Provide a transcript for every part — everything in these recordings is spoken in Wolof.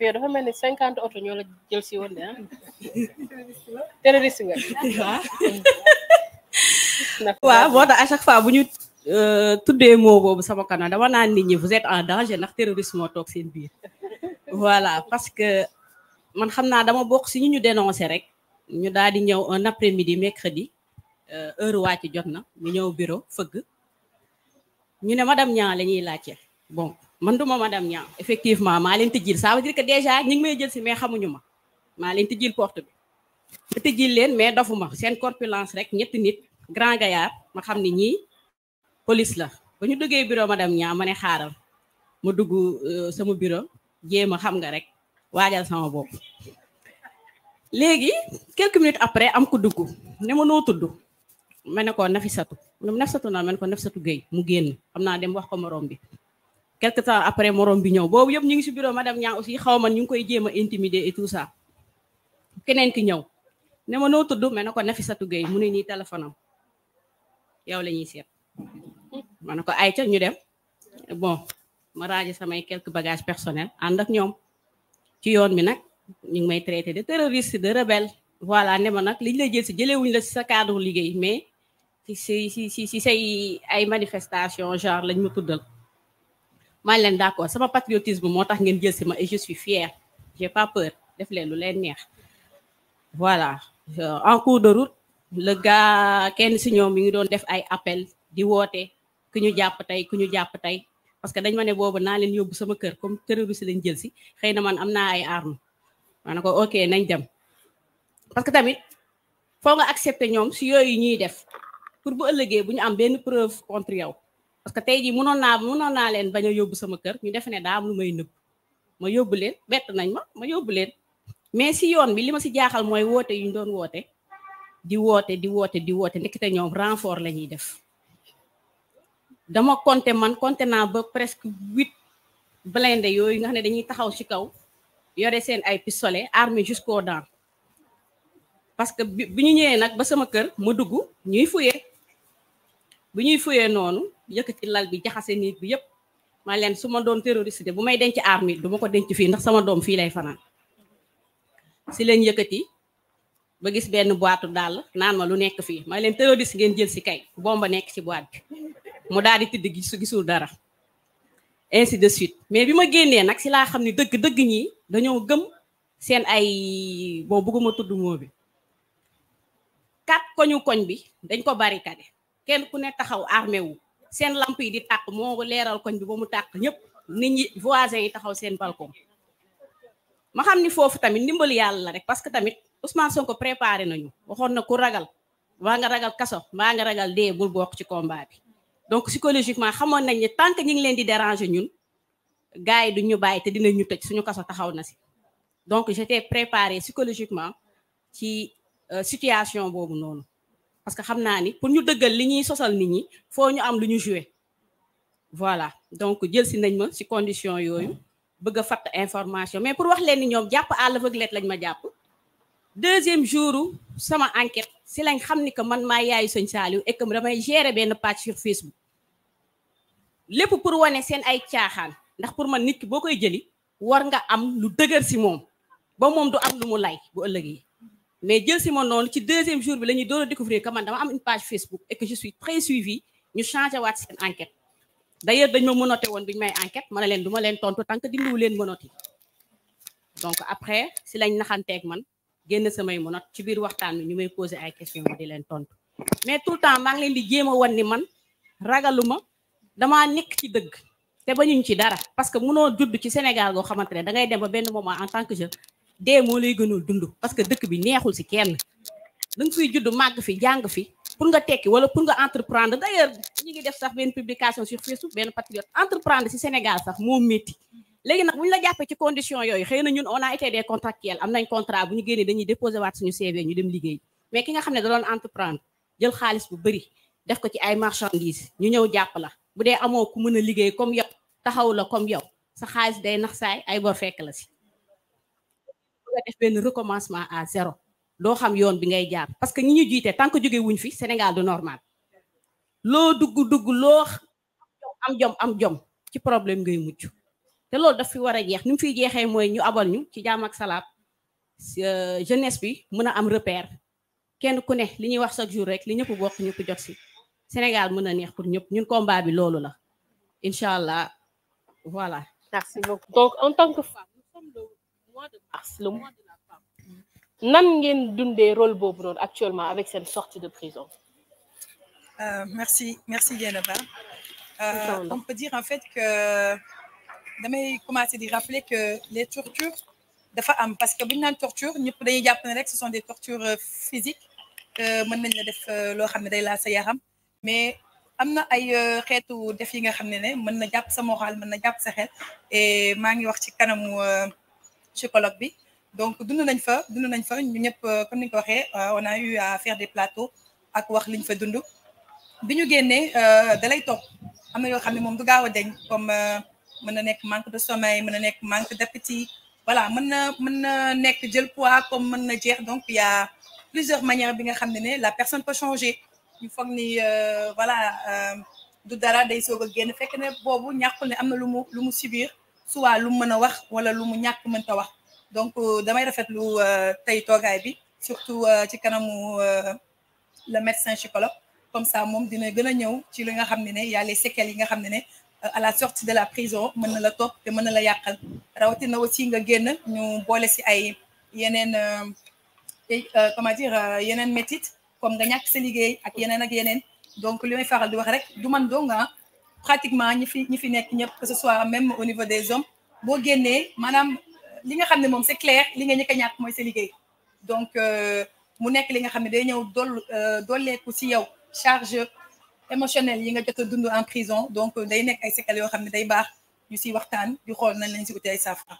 Gambia dafa mel ni cinquante oto ñoo la jël si woon de ah. terroriste nga waaw moo tax à chaque fois bu ñu euh, tuddee moo boobu sama kanam dama naan nit ñi vous êtes en danger ndax terroriste moo toog seen biir. voilà parce que man xam naa dama bokk si ñu ñu dénoncé rek ñu daal di ñëw un après midi mercredi euh, heure wàcc jot na ñu ñëw bureau fëgg ñu ne madame Niang la ñuy laajte bon. man duma madame Niang effectivement maa leen tëjil ça veut dire que déjà ñi ngi may jël si mais xamuñu ma maa leen tëjil porte bi ma tëjil leen mais dofuma seen corpulence rek ñetti nit grand gaillard ma xam ne ñii police la ba ñu duggee bureau madame Niang ma ne xaaral ma dugg euh, sama bureau jéem a xam nga rek waajal sama bopp léegi quelques minutes après am ko dugg ne ma noo tudd ma ne ko Nafisatu Nafisatu naa ma ne ko Nafisatu Gueye mu génn xam naa dem wax ko moroom bi quelque temps après morom bi ñëw boobu yëpp ñu ngi si bureau madame Niang aussi xaw ma ñu ngi koy jéem a intimider et tout ça keneen ki ñëw ne ma noo tudd mais na ko sa Gueye mu ne nii téléphone am yow la ñuy seet ma ne ko ca ñu dem bon ma raaje samay quelques bagage personnels ànd ak ñoom ci yoon bi nag ñu ngi may traité de terroriste de rebelle voilà ne ma nag liñ lay jël si jëlewuñ la si sa cadre liggéey mais si si si si say ay manifestation genre lañ ma tuddal maan ngi leen d'accord sama patriotisme moo tax ngeen jël si ma et je suis fière j'ai pas peur def leen lu leen neex voilà euh, en cours de route le kenn si ñoom mi ngi doon def ay appel di woote ku ñu jàpp tey ku ñu jàpp tey parce que dañ ma ne boobu naa leen yóbbu sama kër comme terroriste lañ jël si xëy na man am naa ay arme ma ne ko ok nañ dem parce que tamit foo nga accepter ñoom si yooyu ñuy def pour bu ëllëgee bu ñu am benn preuve contre yow parce que tey jii mënoon naa mënoon naa leen bañ a yóbbu sama kër ñu defe ne daa am lu may nëbb ma yóbbu leen bett nañ ma ma yóbbu leen mais si yoon bi li ma si jaaxal mooy woote yu ñu doon woote di woote di woote di woote ndekete ñoom renfort la ñuy def dama compté man compté naa ba presque huit blindé yooyu nga xam ne dañuy taxaw ci kaw yore seen ay pistolet armé jusqu'aux dents parce que bi ñu ñëwee nag ba sama kër ma dugg ñuy fuyee bu ñuy fuyee noonu yëkkati lal bi jaxase nit bi yëpp ma leen su ma doon terroriste de bu may denc arme du ma ko denc fii ndax sama doom fii lay fanaan si leen yëkkati ba gis benn boitu daal naan ma lu nekk fii ma leen terroriste ngeen jël si kay ma nekk si boîte bi mu daal di tëdd gi su gisul dara ainsi de suite mais bi ma génnee nag si laa xam ne dëgg dëgg ñi dañoo gëm seen ay bon bëgguma tudd moo bi kat koñu koñ bi dañ ko barricade kenn ku ne taxaw armé seen lamp yi di tàkk moo leeral koñ bi ba mu tàkk ñëpp nit ñi voisins yi taxaw seen balcon ma xam ni foofu tamit ndimbal yàlla la rek parce que tamit Ousmane ko préparé nañu waxoon na ku ragal waa nga ragal kaso waa nga ragal dee bul bokk ci combat bi donc psychologiquement xamoon nañ ne tant que ñu ngi leen di déranger ñun gars yi du ñu bàyyi te dinañ ñu tëj suñu kaso taxaw na si donc j'étais préparé psychologiquement ci euh, situation boobu noonu parce que xam naa ni pour ñu dëggal li ñuy sosal nit ñi foo ñu am lu ñu joué voilà donc jël si nañ ma si condition yooyu bëgg a fatt information mais pour wax leen ni ñoom jàpp à l'aveuglette lañ ma jàpp deuxième jour sama enquête si lañ xam ni que man maa yaayu sëñ Saliou et que damay gérer benn page sur Facebook lépp pour wane seen ay caaxaan ndax pour man nit ki boo koy jëli war nga am lu dëgër si moom ba moom du am lu mu lay bu ëllëgee mais jël si ma noonu ci deuxième jour bi la ñuy door a découvrir que man dama am une page Facebook et que je suis très ñu changé waat seen enquête d'ailleurs dañ ma mënote woon bi ñu may enquête mana leen duma leen tontu tant que dindiwu leen mënoti donc après si lañ naxanteeg man génn samay mënot ci biir waxtaan wi ñu may posé ay questions ma di leen tontu mais tout le temps maa ngi leen di jéem a wan ni man ragaluma damaa nekk ci dëgg te bañuñ ci dara parce que mënoo judd ci Sénégal goo xamante ne da dem ba benn moment en que jeune dee moo lay gënal dund parce que dëkk bi neexul si kenn da nga fiy judd màgg fi jàng fi pour nga tekki wala pour nga entreprendre d'ailleurs ñu ngi def sax benn publication sur Facebook benn patriote entreprendre si Sénégal sax moo métti léegi nag bu la jàppee ci condition yooyu xëy na ñun on a été des contractuels am nañ contrat bu ñu génnee dañuy déposé waat suñu CV ñu dem liggéey mais ki nga xam ne da doon entreprendre jël bu bëri def ko ci ay marchandises ñu ñëw jàpp la bu dee amoo ku mën a liggéey comme yow taxaw la comme yow sa xaalis day nax saay ay bor fekk la si nga def benn recommencement à zéro doo xam yoon bi ngay jaar parce que ñi ñu jiite tant que jóge wuñ fi Sénégal du normal loo dugg dugg loo am jom am jom ci problème ngay mucc te loolu daf fi war a jeex ni mu fiy jeexee mooy ñu abal ñu ci jaam ak salaab euh, jeunesse bi mun a am repère kenn ku ne li ñuy wax chaque jour rek li ñëpp bokk ñëpp jot si Sénégal mun a neex pour ñëpp ñun combat bi loolu la incha allah voilà. donc en tant mois de mars le mois de la femme nan ngeen dundee rôle boobu noonu actuellement avec seen sortie de prison euh, merci merci Dieynaba euh, on peut dire en fait que damay commencer di rappeler que les tortures dafa am parce que bu ñu naan torture ñëpp dañuy jàpp ne rek ce sont des tortures euh, physiques euh, mën nañ la def euh, loo xam ne day laal sa yaram mais am na ay xeetu def yi nga xam ne ne mën na jàpp sa moral mën na jàpp sa xel et wax ci kanamu ci colloque bi donc dund nañ fa dund nañ fa ñëpp euh, comme ni ko waxee euh, on a eu à faire des plateaux ak wax liñ fa dund bi ñu génnee euh, dalay topp am na yoo xam ne moom du gaaw a deñ comme mën na nekk manque de sommeil mën na nekk manque d'appétit voilà mën na mën na nekk jël pois comme mën na jeex donc ya y a plusieurs manières bi nga xam ne ne la personne peut changer ñu foog ni voilà du dara day soog a génn fekk ne boobu ñàkkul ne am na lu mu lu mu subir soit lu mën a wax wala lu mu ñàkk mënta wax donc euh, damay rafetlu euh, tey toogaay bi surtout euh, ci kanamu le médecin psychologue comme ça moom dina gën a ñëw ci li nga xam ne ne y a les yi nga xam ne ne à la sortie de la prison mën na la topp te mën na la yàqal rawatina aussi nga génn ñu boole si ay yeneen comment dire yeneen métit comme nga ñàkk sa liggéey ak yeneen ak yeneen donc li may faral di wax rek du man doo ah pratiquement ñi fi ñi fi nekk ñëpp que ce soit même au niveau des hommes boo génnee maanaam euh, li nga xam ne moom c'est clair li nga ñëkk a mooy se liggéey donc euh, mu nekk li nga xam ne day ñëw dool euh, dooleeku si yow charge émotionnelle yi nga jot a dund en prison donc day nekk ay séquelles yoo xam ne day baax ñu si waxtaan di xool nañ lañ si uti ay saafara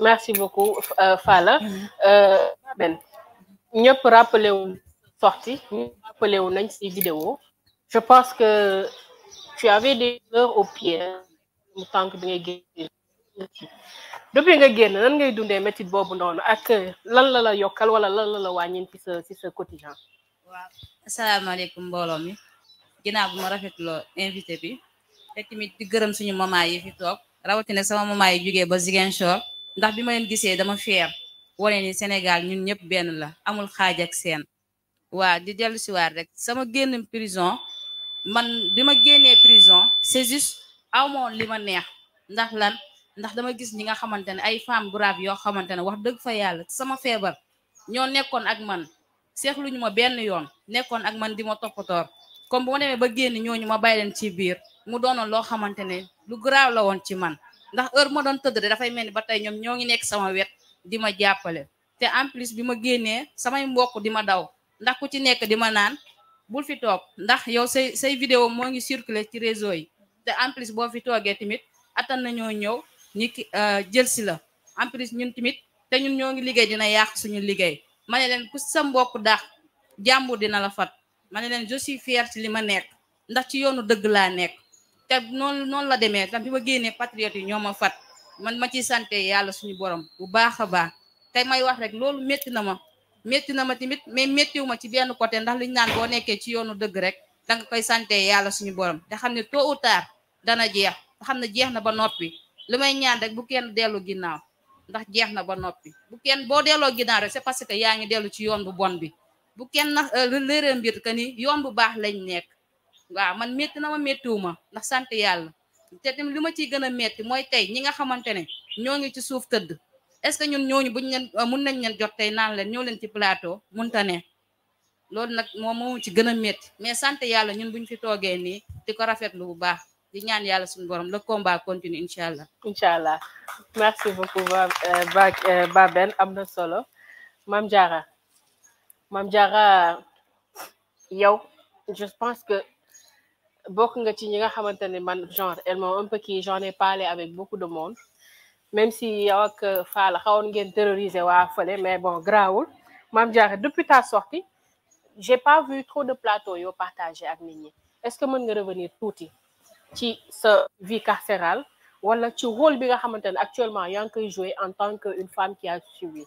merci beaucoup Falla mm-hmm. Ben ñëpp rappelé wu sorti ñëpp rappelé nañ si vidéo je pense que tu avais tànk bi ngay génn depuis nga génn nan ngay dundee métit boobu noonu ak euh, lan la la yokkal wala lan la la wàññin ci sa ci sa quotidien waaw asalaamaaleykum mbooloo mi ginnaaw bu ma rafetloo invité bi te tamit di gërëm suñu maman yi fi toog rawatina sama maman yi jógee ba Ziguinchor ndax bi ma leen gisee dama fier wane ni Sénégal ñun ñëpp benn la amul xaaj ak seen waa di dellu siwaat rek sama génn prison man bi ma génnee prison c'est juste aw moon li ma neex ndax lan ndax dama gis ñi nga xamante ne ay femme brave yoo xamante ne wax dëgg fa yàlla sama feebar ñoo nekkoon ak man seexluñu ma benn yoon nekkoon ak man di ma toppatoor comme bu ma demee ba génne ñoo ñu ma bàyyi leen ci biir mu doonoon loo xamante ne lu garaaw la woon ci man ndax heure ma doon tëdd dafay mel ni ba tey ñoom ñoo ngi nekk sama wet di ma jàppale te en plus bi ma génnee samay mbokk di ma daw bul fi toog ndax yow say say vidéo moo ngi circuler ci réseau yi te en plus boo fi toogee tamit attan nañoo ñëw ñi euh, jël si la en ñun tamit te ñun ñoo ngi liggéey dina yàq suñu liggéey ma ne leen ku sa mbokk dax jàmbur dina la fat ma ne leen je suis li ma nekk ndax ci yoonu dëgg laa nekk te noonu noonu la demee tam bi ma génnee patriote yi ñoo ma fat man ma ciy sante yàlla suñu borom bu baax a baax tey may wax rek loolu métti na ma métti na ma tamit mais méttiwu ma ci benn côté ndax li ñu naan boo nekkee ci yoonu dëgg rek danga koy santee yàlla suñu borom te xam ne tôt ou tard dana jeex xam ne jeex na ba noppi li may ñaan rek bu kenn dellu ginnaaw ndax jeex na ba noppi bu kenn boo delloo ginnaaw rek c'est parce que yaa ngi dellu ci yoon bu bon bi bu kenn na euh, léeree mbir que ni yoon bu baax lañ nekk waaw man métti na ma méttiwu ma ndax sant yàlla te tamit li ma ciy gën a métti mooy tey ñi nga xamante ne ñoo ngi ci suuf tëdd est-ce que ñun ñooñu buñ leen euh, mun nañ leen jot tey naan leen ñëw leen ci plateau munta ne loolu nag moom moo ci gën a métti mais sant yàlla ñun buñ fi toogee nii di ko rafetlu bu baax di ñaan yàlla suñu borom le combat continue incha allah. incha allah merci beaucoup ba euh, Baben euh, am na solo Mame jaara mam jaara yow je pense que bokk nga ci ñi nga xamante ne man genre elle m'a un peu kii j'en ai avec beaucoup de monde. même si yow ak Fala xawoon ngeen terroriser waa fële mais bon grawul Mame Diarra depuis ta sortie j'ai pas vu trop de plateau yoo partagé ak nit ñi est-ce que mën nga revenir tuuti ci sa vie carcérale wala ci rôle bi nga xamante ne actuellement yaa ngi koy jouer en tant que une femme qui a suivi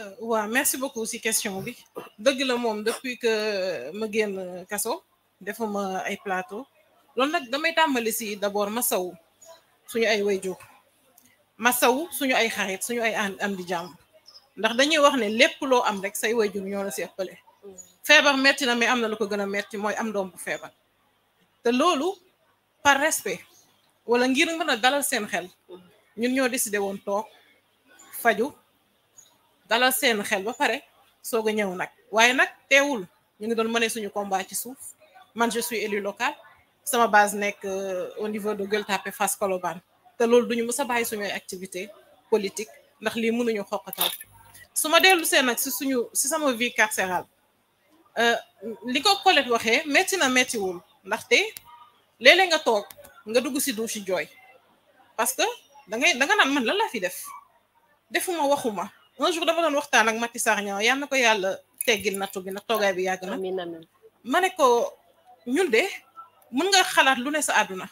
euh, waaw beaucoup si question bi dëgg la moom depuis que ma génn kaso defuma ay plateau loolu nag damay tàmbali si d'abord ma saw suñu ay wayjur masawu suñu ay xarit suñu ay am di ndax dañuy wax ne lépp loo am rek say wayjur ñoo la si ëppale feebar metti na mais am na lu ko gën a metti mooy am doom bu feebar te loolu par respect wala ngir mën a dalal seen xel ñun ñoo décidé woon toog faju dalal seen xel ba pare soog a ñëw nag waaye nag teewul ñu ngi doon mëne suñu combat ci suuf man je suis élu local sama base nekk euh, au niveau de Gueule Tapée Fass Colobane te du ñu mës a bàyyi suñuy activité politique ndax lii mënuñu xoqatal su ma dellu see nag si suñu si sama vie carcérale euh, li ko Colette waxee métti na méttiwul ndax te léeg nga toog nga dugg si douche jooy parce que da ngay da nga naan man lan laa fi def defuma waxuma un jour dama doon waxtaan ak Mati Sarr ñaaw yal na ko yàlla teggil nattu bi nag toogaay bi yàgg na ma ne ko de mën nga xalaat lu ne sa àdduna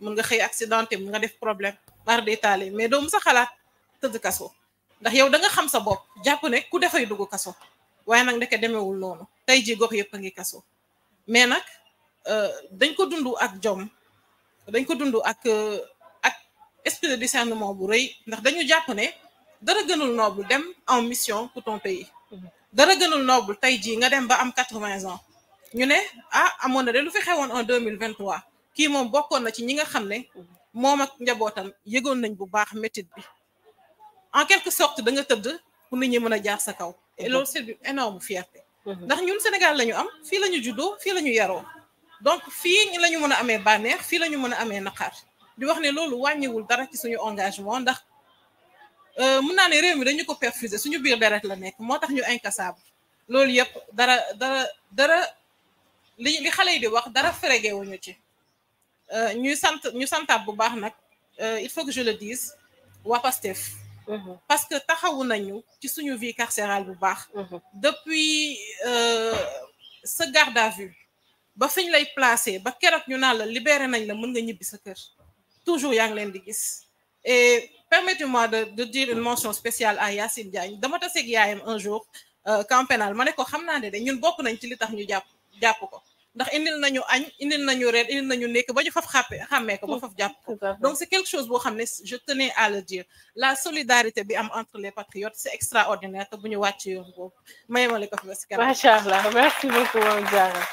mën nga xëy accidenté mën nga def problème bar détaillé mais doo mu sa xalaat tëdd kaso ndax yow da nga xam sa bopp jàpp ne ku defay dugg kaso waaye nag ndeke demewul noonu tey ji gox yëpp a ngi kaso mais nag euh, dañ ko dundu ak jom dañ ko dundu ak euh, ak esprit de discernement bu rëy ndax dañu jàpp ne dara gënul noble dem en mission pour yi mm-hmm. dara gënul noble tey jii nga dem ba am quatre-vingts ans ñu ne ah amoon na de lu fi xewoon en deux mille vingt trois kii moom bokkoon na ci ñi nga xam ne moom ak njabootam yëgoon nañ bu baax métit bi en quelque sorte da nga tëdd pour nit ñi mën a jaar sa kaw mhm. loolu c'est une énorme fierté mhm. ndax ñun Sénégal la ñu am fii la ñu juddoo fii la ñu yaroo donc fii la ñu mën a amee bànneex fii la ñu mën a amee naqaar di wax ne loolu wàññiwul dara ci suñu engagement ndax euh, mun naa ne réew mi dañu ko perfusé suñu biir deret la nekk moo tax ñu incassable loolu yëpp dara dara dara li li xale yi di wax dara frégé wuñu ci euh, ñuy sant ñu santaat bu baax nag euh, il faut que je le dise waa Pastef mhm. parce que taxawu nañu ci suñu vie carcérale bu baax mhm. depuis sa euh, garde à vue ba fiñ lay placé ba keroog ñu naan la libéré nañ la mën nga ñibbi sa kër toujours yaa ngi leen di gis et permettez-moi de de dire une mention spéciale à Yacine Diagne dama taseeg yaayam un jour camp pénal ma ne ko xam naa ne de ñun bokk nañ ci li tax ñu jàpp jàpp ko ndax na ñu añ indil nañu reer indil nañu nekk ba ñu faf xàppe xàmmee ko ba faf jàpp ko donc c'est quelque chose boo xam ne je tenais à la solidarité bi am entre les patriotes c'est extraordinaire te bu ñu wàcc yoon boobu may ma li ko fi ba si kanam